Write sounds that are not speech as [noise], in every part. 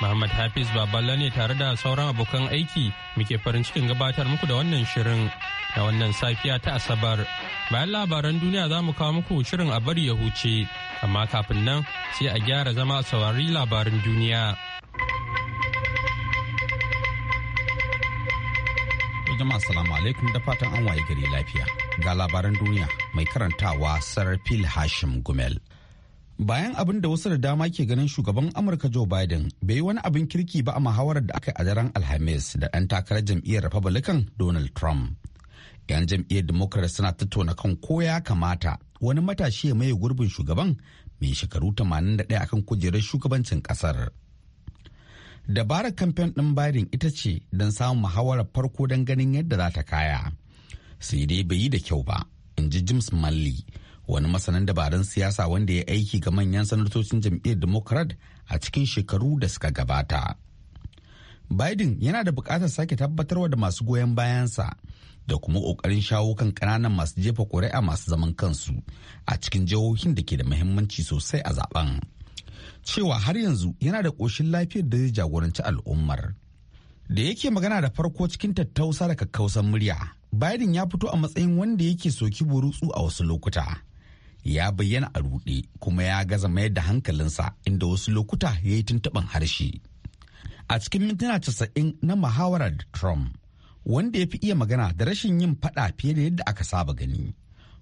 Muhammad Hafiz Baballa ne tare da sauran abokan aiki muke farin cikin gabatar muku da wannan shirin da wannan safiya ta Asabar. Bayan labaran duniya za mu kawo muku shirin a bari ya huce, amma kafin nan sai a gyara zama a saurari labarin duniya. Jama'a salamu alaikum da fatan an waye gari lafiya. Ga labaran duniya mai karantawa Sarfil Hashim Gumel. bayan abin da wasu da dama ke ganin shugaban amurka joe biden bai yi wani abin kirki ba a muhawarar da aka yi a daren alhamis da ɗan takarar jam'iyyar republican donald trump yan jam'iyyar democrat suna tattauna kan ko ya kamata wani matashi ya maye gurbin shugaban mai shekaru 81 akan kujerar shugabancin kasar dabarar kamfen ɗin biden ita ce don samun muhawarar farko don ganin yadda za ta kaya sai dai bai yi da kyau ba in ji james malley wani masanin dabarun siyasa wanda ya aiki ga manyan sanatocin jam'iyyar democrat a cikin shekaru da suka gabata biden yana da bukatar sake tabbatarwa da masu goyon bayansa da kuma kokarin shawo kan kananan masu jefa kuri'a masu zaman kansu a cikin jihohin da ke da muhimmanci sosai a zaben cewa har yanzu yana da koshin lafiyar da zai jagoranci al'ummar da yake magana da farko cikin tattausa da kakkausan murya Biden ya fito a matsayin wanda yake soki burutsu a wasu lokuta ya bayyana a rude kuma ya gaza mayar da hankalinsa inda wasu lokuta ya yi tuntuɓin harshe. A cikin mintuna casa'in na muhawarar Trump, wanda ya fi iya magana da rashin yin fada fiye da yadda aka saba gani.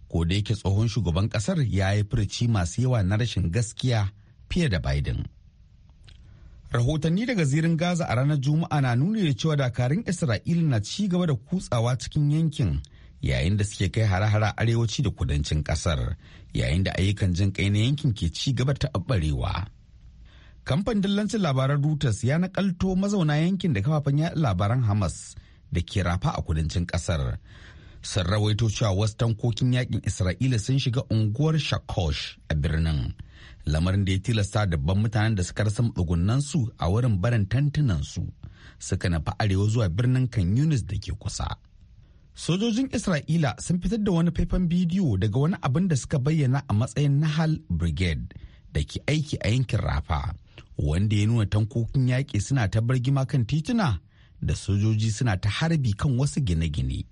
Ko da yake tsohon shugaban kasar ya yi furici masu yawa na rashin gaskiya fiye da Biden. Rahotanni daga zirin Gaza a ranar Juma'a na nuna da cewa dakarun Isra'ila na ci gaba da kutsawa cikin yankin yayin da suke kai hare-hare arewaci da kudancin kasar yayin da ayyukan jin kai na yankin ke ci gaba ta abarewa. Kamfan dillancin labaran Reuters ya nakalto mazauna yankin da kafafen yaɗa labaran Hamas da ke rafa a kudancin ƙasar. Sun rawaito cewa wasu tankokin yakin Isra'ila sun shiga unguwar Shakosh a birnin. Lamarin da ya tilasta dabban mutanen da suka rasa su a wurin barin tantunansu suka nafi arewa zuwa birnin Kan da ke kusa. Sojojin Isra'ila sun fitar da wani faifan bidiyo daga wani abin da suka bayyana a matsayin Nahal Brigade da ke aiki a yankin Rafa, wanda ya nuna tankokin yaƙi suna ta bargima kan tituna da sojoji suna ta harbi kan wasu gine-gine.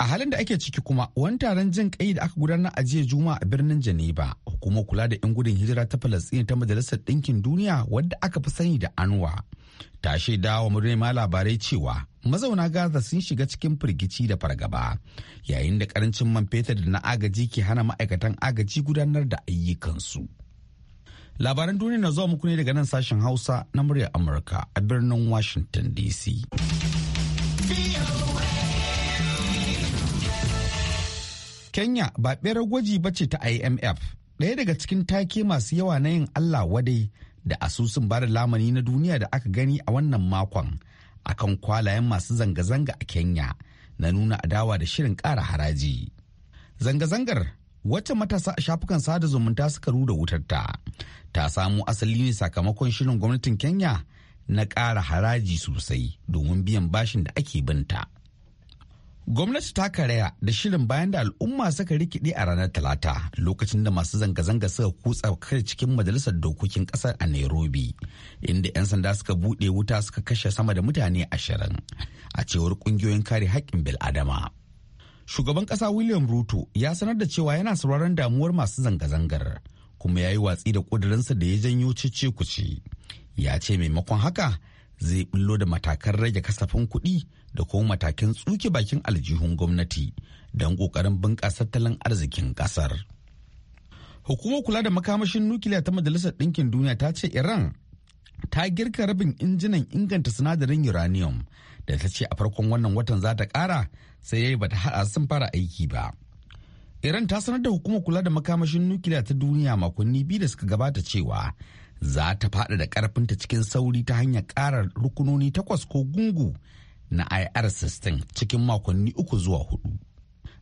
a halin da ake ciki kuma wani taron jin kai da aka gudanar a jiya juma a birnin janeba hukumar kula da 'yan gudun hijira ta falastin ta majalisar ɗinkin duniya wadda aka fi sani da anwa ta shaida wa ma labarai cewa mazauna Gaza sun shiga cikin firgici da fargaba yayin da karancin man fetur da na agaji ke hana ma'aikatan agaji gudanar da ayyukansu. Labaran duniya na zuwa muku ne daga nan sashen Hausa na muryar Amurka a birnin Washington DC. Kenya ba ɓerar gwaji ba ce ta IMF, ɗaya daga cikin take masu yawa na yin Allah wadai da asusun bada lamani na duniya da aka gani a wannan makon. akan kwalayen masu zanga-zanga a Kenya na nuna adawa da shirin ƙara haraji. Zanga-zangar wacce matasa a shafukan sada zumunta suka ruda wutarta ta samu asali ne sakamakon shirin gwamnatin Kenya na ƙara haraji sosai domin biyan bashin da ake binta. Gwamnati ta karaya da shirin bayan da al'umma suka rikide a ranar Talata lokacin da masu zanga-zanga suka kutsa kai cikin majalisar dokokin kasar a Nairobi, inda 'yan sanda suka buɗe wuta suka kashe sama da mutane ashirin a cewar ƙungiyoyin kare haƙƙin bil'adama. Shugaban ƙasa William Ruto ya sanar da cewa yana sauraron damuwar masu zanga-zangar kuma ya yi watsi da ƙudurinsa da ya janyo cece ce. Ya ce maimakon haka zai bullo da matakan rage kasafin kuɗi da kuma matakin tsuke bakin aljihun gwamnati don ƙoƙarin bunƙasa tattalin arzikin ƙasar. Hukumar kula da makamashin nukiliya ta Majalisar Ɗinkin Duniya ta ce Iran ta girka rabin injinan inganta sinadarin uranium da ta ce a farkon wannan watan za ta ƙara sai yayi bata haɗa sun fara aiki ba. Iran ta sanar da hukumar kula da makamashin nukiliya ta duniya makonni biyu da suka gabata cewa za ta faɗa da ƙarfinta cikin sauri ta hanyar ƙara rukunoni takwas ko gungu na IR-16 cikin makonni uku zuwa hudu.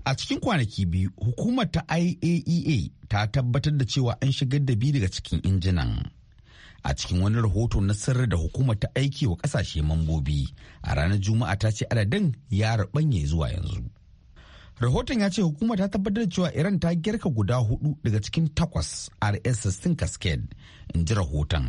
A cikin kwanaki biyu, hukumar ta IAEA e ta tabbatar da cewa an shigar da biyu daga cikin injinan. A cikin wani rahoto na sirri da hukumar ta aiki wa kasashe mambobi a ranar Juma'a ta ce adadin ya rabanye zuwa yanzu. Rahoton ya ce hukumar ta tabbatar da cewa Iran ta girka guda hudu daga cikin takwas RS-16 Cascade, in ji rahoton.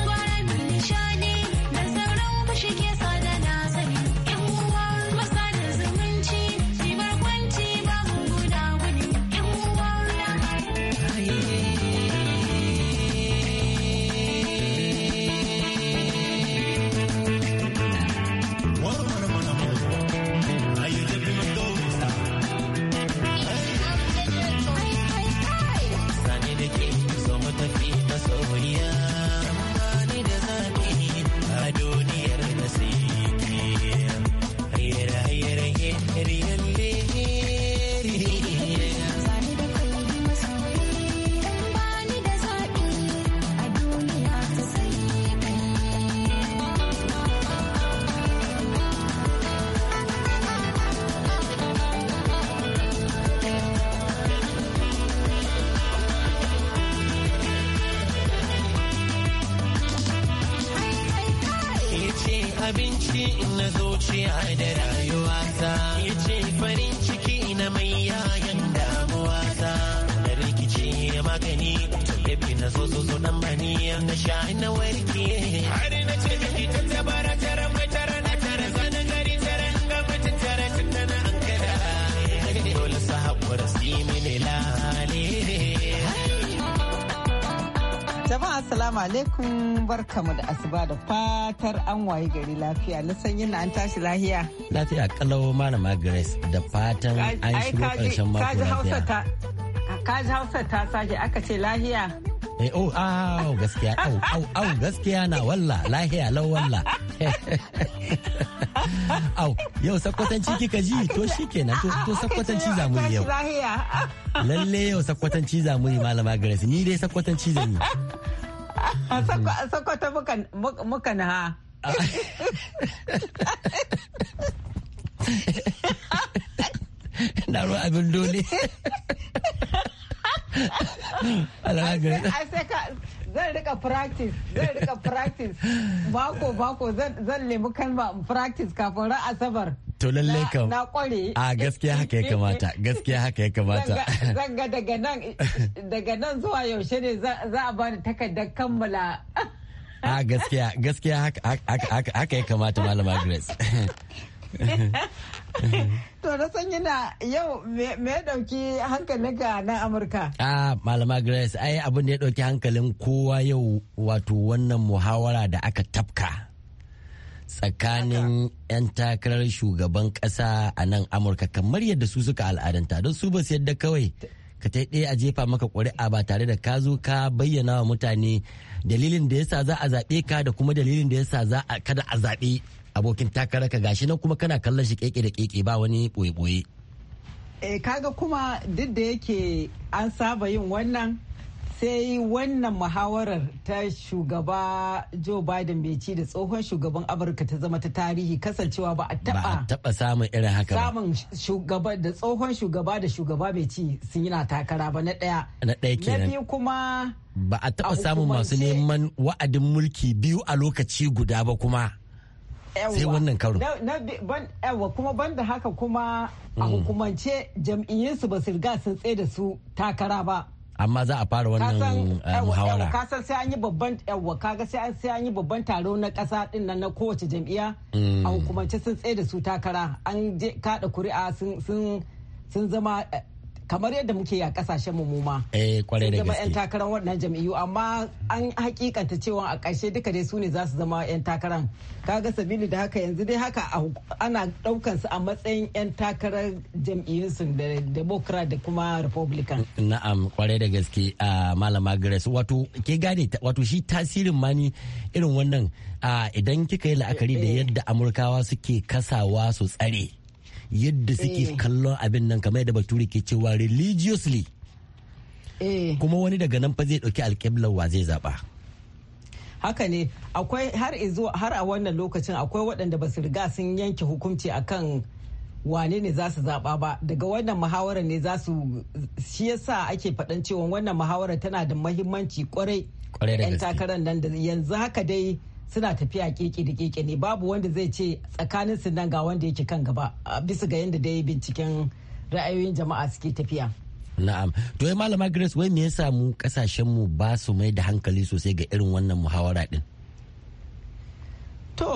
Assalamu alaikum barkamu da asuba da fatar an waye gari lafiya na san yana an tashi lahiya. Lafiya kalau malama Grace da fatan an shigo karshen mako lafiya. Kaji Hausa ta sake aka ce lahiya. Eh oh au gaskiya au au au gaskiya na walla lahiya lau walla. [laughs] Au yau sakwatanci kika ji to shikenan to sakwatanci za mu yau. Lalle yau sakwatanci za mu yi malama Grace ni dai sakwatanci zan yi. A Sokoto muka na. Na ruwa abin dole. zan rika practice zan rika practice bako bako zan nemi kalma practice kafin ran asabar to lallai kam na kware a gaskiya haka ya kamata gaskiya haka ya kamata daga nan daga nan zuwa yaushe ne za a bani takardar kammala a gaskiya gaskiya haka ya kamata malama grace to na san yana yau me dauki hankalin ka na amurka A malama grace ai abin da ya dauki hankalin kowa yau wato wannan muhawara da aka tafka tsakanin 'yan takarar shugaban kasa a nan amurka kamar yadda su suka al'adanta don su basu yadda kawai ka ta ɗaya a jefa maka ƙuri'a ba tare da ka zo ka bayyana wa mutane dalilin da yasa za a zaɓe ka da kuma dalilin da yasa za a kada a zaɓe abokin takarar ka gashi na kuma kana kallon shi keke da keke ba wani ɓoye-ɓoye. ka eh, kaga kuma duk da yake an saba yin wannan sai wannan muhawarar ta shugaba Joe Biden bai ci da tsohon shugaban Amurka ta zama ta tarihi kasancewa ba a taba taba samun irin haka samun shugaba da tsohon shugaba da shugaba bai ci sun yana takara ba na daya na daya kenan na biyu kuma ba a taba samun masu neman wa'adin mulki biyu a lokaci guda ba kuma sai wannan karo yawa kuma banda haka kuma a mm. hukumance jam'iyyinsu ba su riga sun tsaye da su takara ba amma za a fara wannan um, muhawara ka san sai an yi babban yawa kaga sai an yi babban taro na kasa din nan na kowace jam'iyya a mm. hukumance sun tsaye da su takara an je kada kuri'a sun sun zama eh, kamar yadda muke a kasashen mu ma eh yan takarar waɗannan jam'iyyu amma an hakikanta cewa a ƙarshe duka dai su ne za su zama yan takarar kaga sabili da haka yanzu dai haka ana ɗaukan su a matsayin yan takarar jam'iyyun su da democrat da kuma republican na'am kwarai da gaske a malama grace wato ke gane wato shi tasirin mani irin wannan idan kika yi la'akari da eh, eh. yadda amurkawa suke kasawa su tsare yadda suke eh. kallon abin nan kamar yadda bature ke cewa religiously eh. kuma wani daga nan fa zai ɗauki alkiblar wa zai zaɓa. haka ne akwai har izo har a wannan lokacin akwai waɗanda ba su riga sun yanke hukunci akan wane ne za su zaɓa ba daga wannan muhawarar ne za su shi yasa ake faɗan cewa wannan muhawarar tana da muhimmanci kwarai kwarai takarar nan da yanzu haka dai suna tafiya keke da keke ne babu wanda zai ce tsakanin su nan ga wanda yake kan gaba bisa ga yadda dai binciken ra'ayoyin jama'a suke tafiya na'am to eh, malama grace wai me ya samu kasashen mu ba su mai da hankali sosai ga irin wannan muhawara din To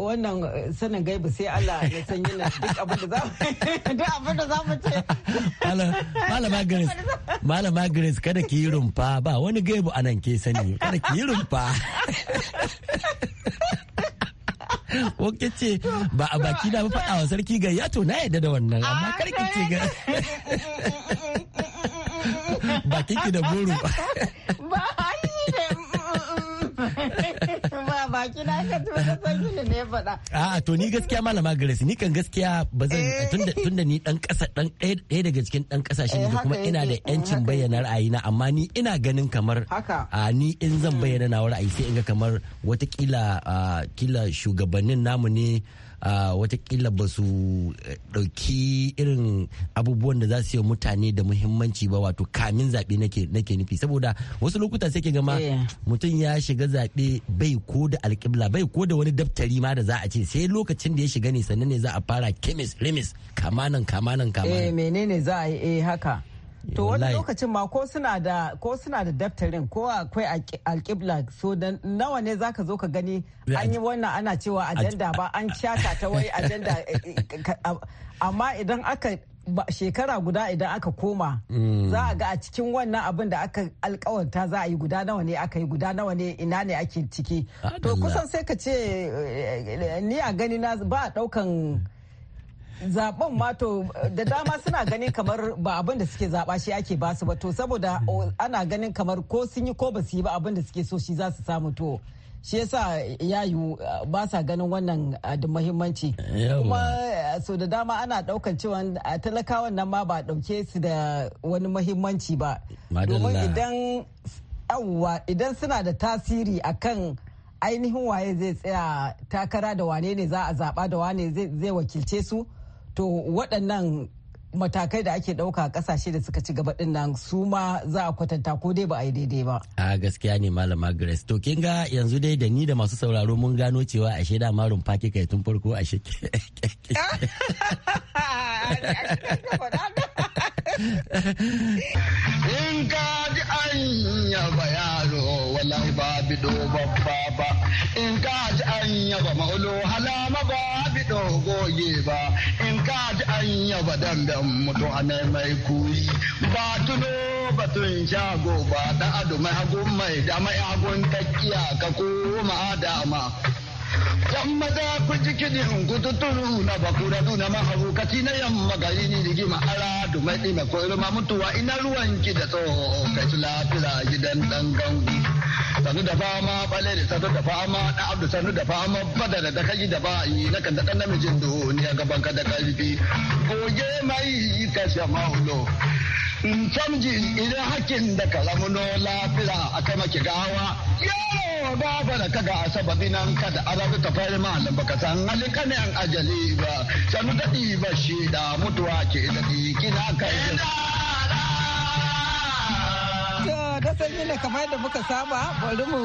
wannan eh, sanin gaibu sai Allah ya san yi [laughs] duk abin da za mu ce. Malama Grace, Malama Grace kada ki yi rumfa ba wani gaibu a nan ke sani kada ki yi rumfa. [laughs] Ko ce ba a baki na faɗa wa sarki ga yato na yadda da wannan amma kar ki ce ga [laughs] baki ki da buru. kina ka to ka san ne faɗa a'a to ni gaskiya malama Grace ni kan gaskiya ba zan eh. tunda tunda ni dan ƙasa dan ɗaya daga cikin dan kasashen ne eh, kuma ina da yancin eh, bayyana ra'ayina amma ni ina ganin kamar a ni in zan bayyana na ra'ayi sai in ga kamar watakila kila shugabannin namu ne watakila ba su eh, ɗauki irin abubuwan da za su yi mutane da muhimmanci ba wato kamin zaɓe nake nufi saboda wasu lokuta sai ke gama eh. mutum ya shiga zaɓe bai ko da alƙibla bai ko da wani daftari ma da za a ce sai lokacin da ya shiga ne sannan ne za a fara kemis remis kamanan kamanan kamanan. Eh, menene za a yi haka. to wani lokacin ma ko suna da daftarin ko akwai alkibla so dan nawa ne zaka zo ka gani an yi wannan ana cewa ajanda ba an shata ta wai ajanda [laughs] eh, eh, amma idan aka shekara guda idan aka koma mm. za a ga a cikin wannan abin da aka alkawanta za a yi guda nawa ne aka yi guda nawa ne ina ne ake ciki ah, to kusan sai ka ce eh, ni a gani na ba a daukan zaben mato da dama suna ganin kamar ba abin da suke zaba shi ake basu ba to saboda ana ganin kamar ko sun yi ko ba su yi ba abin da suke so shi za su samu to shi yasa yi ba sa ganin wannan ah, da muhimmanci kuma ah, so da dama ana daukan cewa ah, talakawan nan ma ba dauke su da wani muhimmanci ba domin idan yawwa idan suna da tasiri akan ainihin waye zai tsaya takara da wane ne za a zaba da wane zai wakilce su to waɗannan matakai da ake ɗauka ƙasashe da suka ci gaba ɗin nan su ma za a kwatanta ko dai ba a yi daidai ba. A gaskiya ne malama Grace. To kin ga yanzu dai da ni da masu sauraro mun gano cewa ashe da marun faki kai tun farko a ashe. In ka ji an yaba yaro wallahi ba bido babba ba. In ka ji an ba maulo halama ba bido goge ba. In ka ji an yaba dangan mutu a mai kuyi ba tuno batun shago ba da adu mai hagun mai da mai hagun takkiya ka koma dama. yan maza kun ji na guduturu na bakura duna maharukaci na yamma gari ni rigima ara dumai mai koyar ma mutuwa ina ruwan ki da tsoho kai lafira gidan ɗan gangu. sanu da fama bale da sanu da fama na abu sanu da fama badara da kaji da bayi na kan da dan namijin duniya gaban ka da karfi goge mai kashe shamaulo in canji idan hakkin da ka no lafiya a kai maki gawa yaro baba da kaga a sababi nan kada arabi ta fari malam baka san halika ne an ajali ba sanu daɗi ba shi da mutuwa ke daɗi kina kai ta sanyi na kamar da muka saba bari mu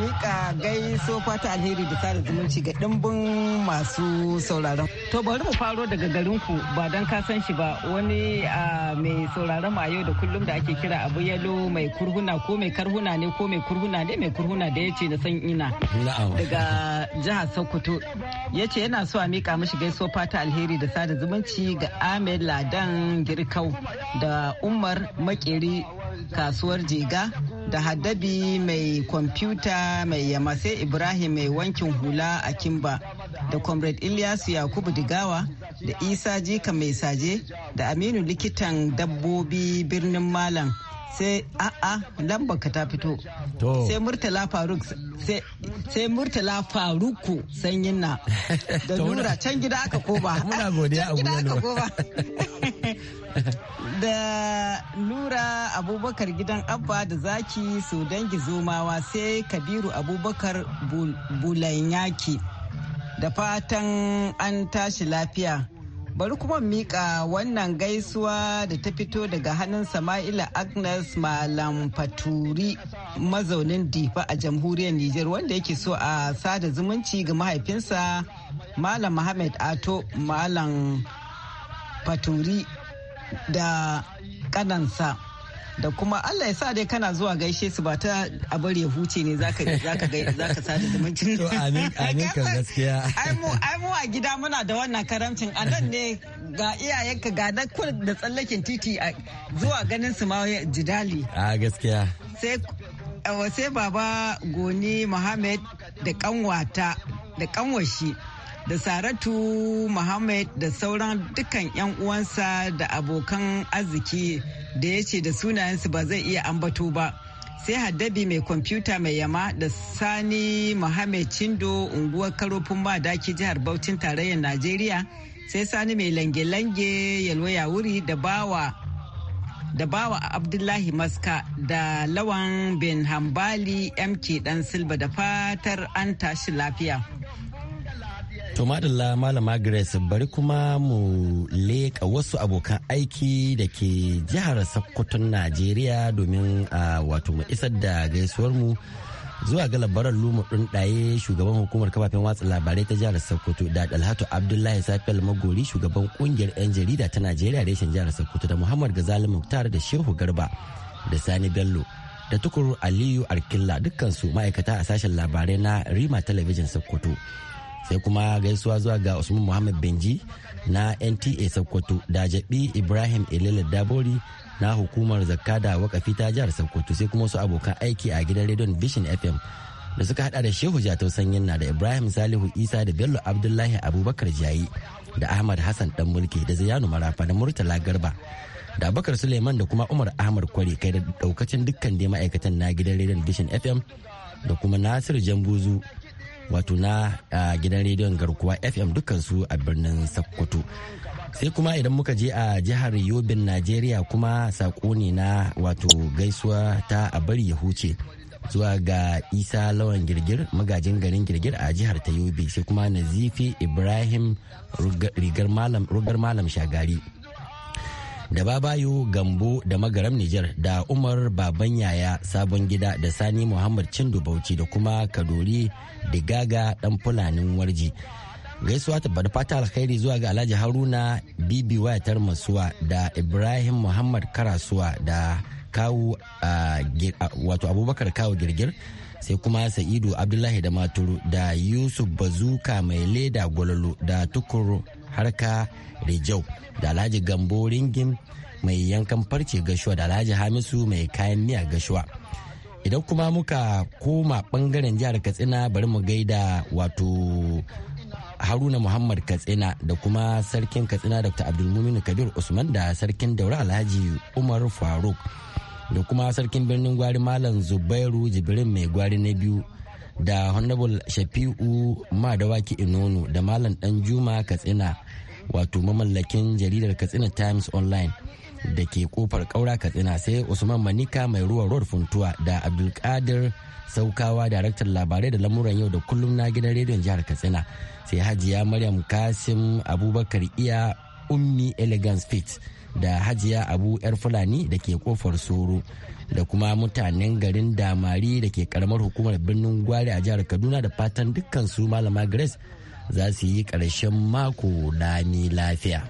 mika gaiso fata alheri da sada zumunci ga dimbin masu sauraron. To bari mu faro daga garin ku ba dan ka san shi ba wani mai sauraron mu a yau da kullum da ake kira abu yalo mai kurhuna ko mai karhuna ne ko mai kurhuna ne mai kurhuna da yace ce da san ina. Daga jihar Sokoto ya yana so a mika mishi gaiso fata alheri da sada zumunci ga Ahmed Ladan Girkau da Umar Makeri kasuwar Jiga da haddabi mai kwamfuta mai yama sai ibrahim mai wankin hula a kimba da comrade ilyas yakubu digawa da isa jika mai saje da aminu likitan dabbobi birnin malam sai a'a lambar ka ta fito sai murtala faruk sai murtala faruku sanyin na da nura can gida aka koba [laughs] muna godiya abubuwan da nura abubakar gidan abba da zaki su dangi zomawa sai kabiru abubakar bulanyaki da fatan an tashi lafiya bari kuma mika wannan gaisuwa da ta fito daga hannun sama'ila agnes malam faturi mazaunin difa a jamhuriyar niger wanda yake so a sada zumunci ga mahaifinsa malam muhammad ato malam faturi da kanansa da kuma Allah ya sa dai kana zuwa gaishe su ba ta a bari ya huce ne zaka zaka zaka da zumuncin to amin amin kan gaskiya ai mu ai mu a gida muna da wannan karamcin a nan ne ga iyayenka ga da da tsallakin titi zuwa ganin su ma jidali a gaskiya sai sai baba goni Muhammad da kanwata da kanwashi da Saratu Muhammad da sauran dukkan 'yan uwansa da abokan arziki da ya ce da sunayensu ba zai iya ambato ba. sai haddabi mai kwamfuta mai yama da sani muhammad chindo unguwar karofin madaki jihar Bauchin tarayyar najeriya sai sani mai lange-lange yalwaya wuri da bawa da bawa abdullahi maska da lawan bin hambali mk dan silba da fatar an tashi lafiya To madalla malama Grace bari kuma mu leka wasu abokan aiki da ke jihar Sokoton Najeriya domin a wato mu isar da gaisuwar mu zuwa ga labaran lumu daye shugaban hukumar kafafen watsa labarai ta jihar Sokoto da Dalhatu Abdullahi Safiyal Magori shugaban kungiyar 'yan jarida ta Najeriya reshen jihar Sokoto da Muhammad Gazali Muktar da Shehu Garba da Sani Bello da tukuru Aliyu Arkilla dukkansu ma'aikata a sashen labarai na Rima Television Sokoto. sai kuma gaisuwa zuwa ga usman muhammad benji na nta sokoto da jabi ibrahim elele dabori na hukumar zakka da wakafi ta jihar sokoto sai kuma su abokan aiki a gidan radio vision fm da suka hada da shehu jatau sanyin na da ibrahim salihu isa da bello abdullahi abubakar jayi da ahmad hassan dan mulki da ziyanu marafa da murtala garba da abubakar suleiman da kuma umar ahmad kwari kai da daukacin dukkan dai ma'aikatan na gidan rediyon vision fm da kuma nasiru jambuzu wato na gidan rediyon garkuwa fm dukansu a birnin sokoto sai kuma idan muka je a jihar yobin najeriya kuma sako ne na wato gaisuwa ta a bari ya huce zuwa ga isa lawan girgir magajin garin girgir a jihar ta yobe sai kuma nazifi ibrahim rugar malam shagari da babayo gambo da magaram nijar da umar baban yaya sabon gida da sani muhammad cindo bauchi da kuma kadori digaga dan fulanin warji gaisuwa ta bada fata alkhairi zuwa ga alhaji haruna bibi wayatar masuwa da ibrahim muhammad karasuwa da kawu wato abubakar kawu girgir sai kuma sa'idu abdullahi da maturu da yusuf bazuka mai leda gwalolo da tukuru harka rijau da alhaji gambo ringin mai yankan farce gashuwa da alhaji hamisu mai kayan miya gashuwa idan kuma muka koma bangaren jihar katsina bari mu gaida wato haruna muhammad katsina da kuma sarkin katsina dr abdulmumin kabir usman da sarkin daura alhaji umar faruk da kuma sarkin birnin gwari malam zubairu jibirin mai gwari na biyu da honorable shafi'u madawaki inono da malam dan juma katsina wato mamallakin jaridar katsina times online da ke kofar kaura katsina sai usman manika mai ruwa road funtuwa da abdulkadir saukawa daraktar labarai da lamuran yau da kullum na gidan rediyon jihar katsina sai hajiya maryam kasim abubakar iya ummi elegance fit da hajiya abu yar fulani da ke kofar soro da kuma mutanen garin damari da ke karamar hukumar birnin gwari a jihar kaduna da fatan dukkan su malama grace za su yi ƙarshen mako ni lafiya.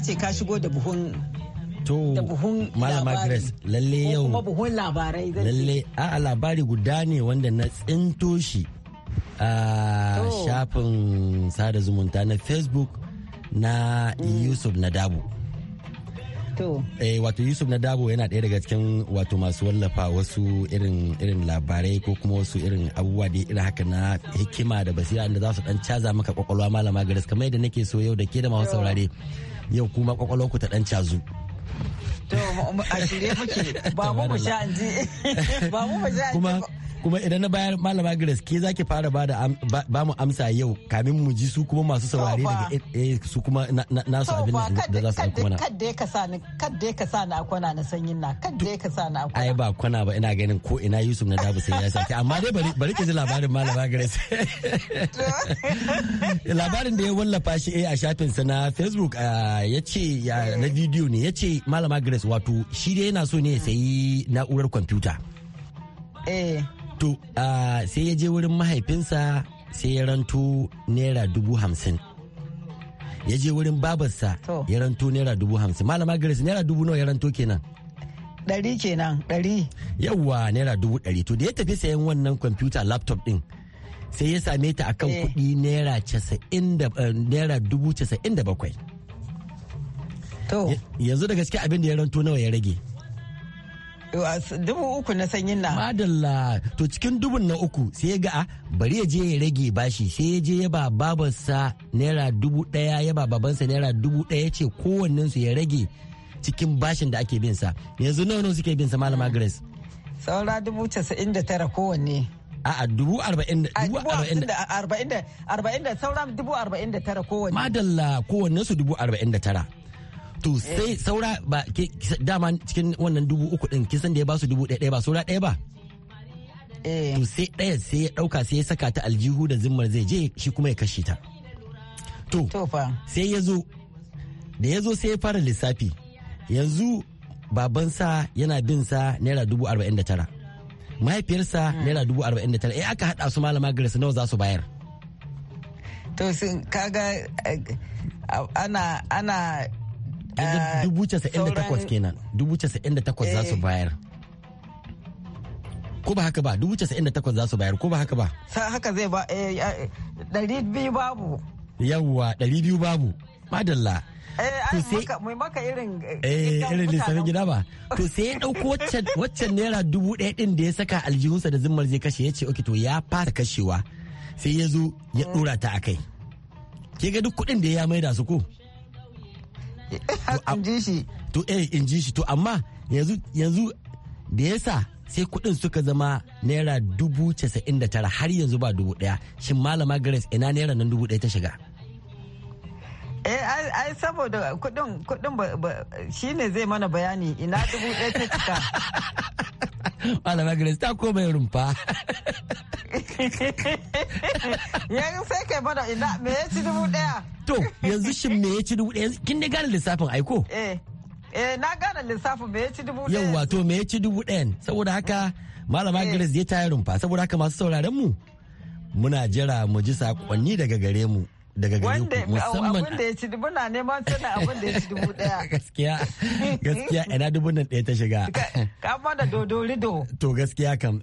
ka ce ka shigo da buhun to malama grace lalle yau kuma buhun labarai lalle a labari guda ne wanda na tsinto shi a shafin sada zumunta na facebook na mm. yusuf nadabu eh, wato yusuf nadabo yana ɗaya daga cikin wato masu wallafa wasu irin irin labarai ko kuma wasu irin abubuwa da irin haka na hikima da basira inda za su dan caza maka kwakwalwa malama garis kamar yadda nake so yau da ke da masu saurare yau kuma kwakwalwarku ta dan cazu to a shirye muke ba mu mu sha [laughs] ba mu sha kuma idan na bayar malama grace ke zaki fara ba da mu amsa yau kamin mu ji su kuma masu saurare daga su kuma nasu abin da za su kuma na. kadda ka sa ni kadda ka sa ni akwana na sanyin na kadda ka sa ni akwana ai ba kwana ba ina ganin ko ina Yusuf na dabu sai ya saki amma dai bari bari ki ji labarin malama grace [laughs] labarin da ya wallafa shi eh, a shafin sa na Facebook ya ce na bidiyo ne ya ce malama grace wato shi dai yana so ne ya sayi na'urar kwamfuta eh to sai ya je wurin mahaifinsa sai ya ranto naira dubu hamsin ya je wurin babarsa ya ranto naira dubu hamsin malama grace naira dubu nawa ya ranto kenan ɗari kenan ɗari yawwa naira dubu ɗari to da ya tafi sayan wannan kwamfuta laptop ɗin sai ya same ta akan eh. kuɗi naira eh, naira dubu casa'in da bakwai yanzu da gaske abin da ya ranto nawa ya rage dubu uku na sanyin na madalla to cikin dubun na uku sai ga a ah, bari ya je ya rage bashi sai ya je ya ba naira dubu daya ya ba babansa naira dubu daya ce kowannen su ya rage cikin bashin da ake bin sa yanzu nawa nawa suke bin sa malama grace saura dubu casa'in da tara kowanne a'a dubu arba'in da dubu arba'in da arba'in da saura dubu arba'in da tara kowanne madalla kowanne su dubu arba'in da tara to eh. sai saura ba dama cikin wannan dubu uku din kin san da ya basu dubu ɗaya ba saura ɗaya ba eh. to sai ɗaya sai ya ɗauka sai ya saka ta aljihu da zimmar zai je shi kuma ya kashe ta to sai ya zo da ya zo sai ya fara lissafi yanzu babansa yana bin sa naira dubu arba'in da tara mahaifiyarsa hmm. naira dubu arba'in da tara eh aka haɗa su malama su nawa za su bayar to sun kaga eh, ana ana dubu casa'in da takwas kenan dubu casa'in da takwas za su eh. bayar ko ba haka ba dubu casa'in da takwas za su bayar ko ba haka ba haka zai ba eh, ɗari biyu babu yawwa ɗari biyu babu madalla mai eh, maka irin irin lissafin gida ba to sai ya dauko waccan naira dubu ɗaya ɗin da ya saka aljihunsa da zimmar zai kashe ya ce ok to ya fara kashewa sai ya zo ya dora ta a kai ke ga duk kuɗin da ya maida su ko in eh, ji shi to eh in ji shi to amma yanzu yanzu da yasa sai kuɗin suka zama naira dubu casa'in da tara har yanzu ba dubu ɗaya shin malama grace ina naira nan dubu ɗaya ta shiga eh ai saboda kuɗin kuɗin shi ne zai mana bayani ina dubu ɗaya ta shiga [laughs] malama grace ta koma rumfa yanzu sai kai bada ina me ya ci dubu ɗaya? to yanzu shin me ya ci dubu ɗaya kin dai gane lissafin aiko eh eh na gane lissafin me ya ci dubu ɗaya. yawa to me ya ci dubu ɗaya saboda haka malama eh. grace ya tayar rumfa saboda haka masu sauraron mu muna jira mu ji sakonni daga gare mu daga gare ku musamman abin da ya ci dubu na neman tana abin da ya ci dubu daya [laughs] gaskiya gaskiya ina dubu nan daya ta shiga ka ma da dodo rido [laughs] to gaskiya kam [laughs]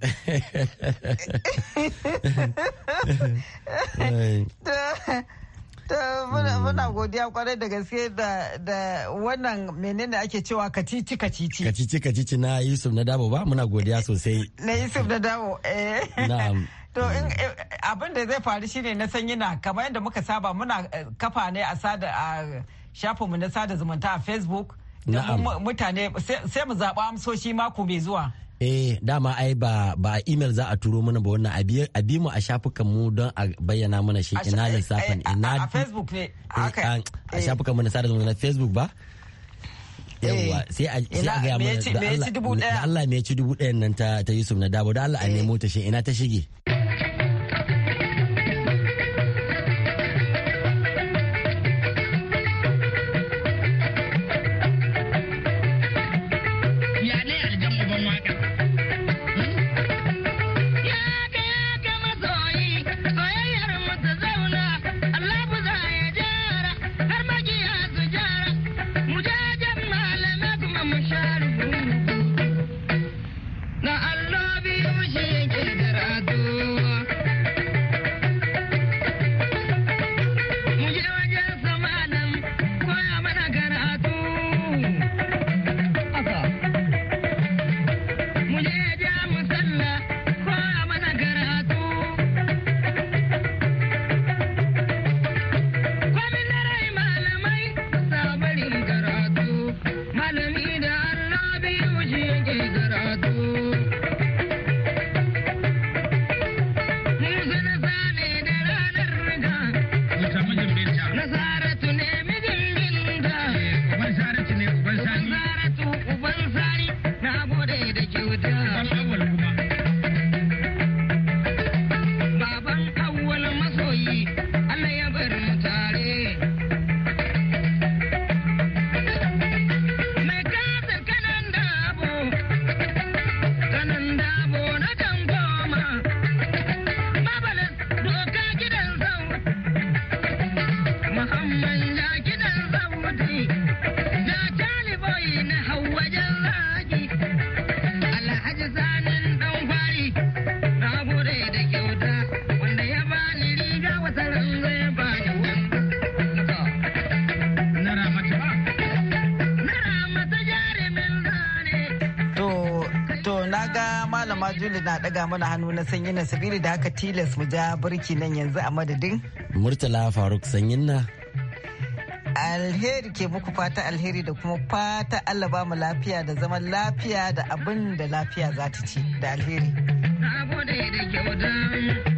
muna godiya kwarai da gaske da wannan menene ake cewa kacici kacici kacici kacici na yusuf na dabo ba muna godiya sosai na yusuf na dabo eh na'am To eh, abin da zai faru shine na san yana kamar yadda muka saba muna eh, kafa ne a sada a shafinmu na sada zumunta a Facebook. Mutane sai mu zaɓa amsoshi mako mai zuwa. Eh dama ai ba ba email za a turo mana ba wannan a bi mu a shafukan mu don a bayyana mana shi ina lissafin eh, ina a Facebook ne a shafukan mu na sada zumunta Facebook ba yawwa sai a gaya mana da Allah me ya ci dubu ɗayan nan ta Yusuf na dabo da Allah a nemo ta shi ina ta shige. Nazar na ɗaga mana hannu na sanyi na sabili da haka tilas mu ja birki nan yanzu a madadin. Murtala Faruk sanyin na. Alheri ke muku fata alheri da kuma fata Allah ba mu lafiya da zaman lafiya da abin da lafiya za ta ci da alheri. Na bude da kyauta.